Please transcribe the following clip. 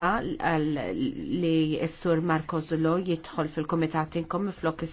li s-sur Marko Zulo jitħol fil-komitat inkom flok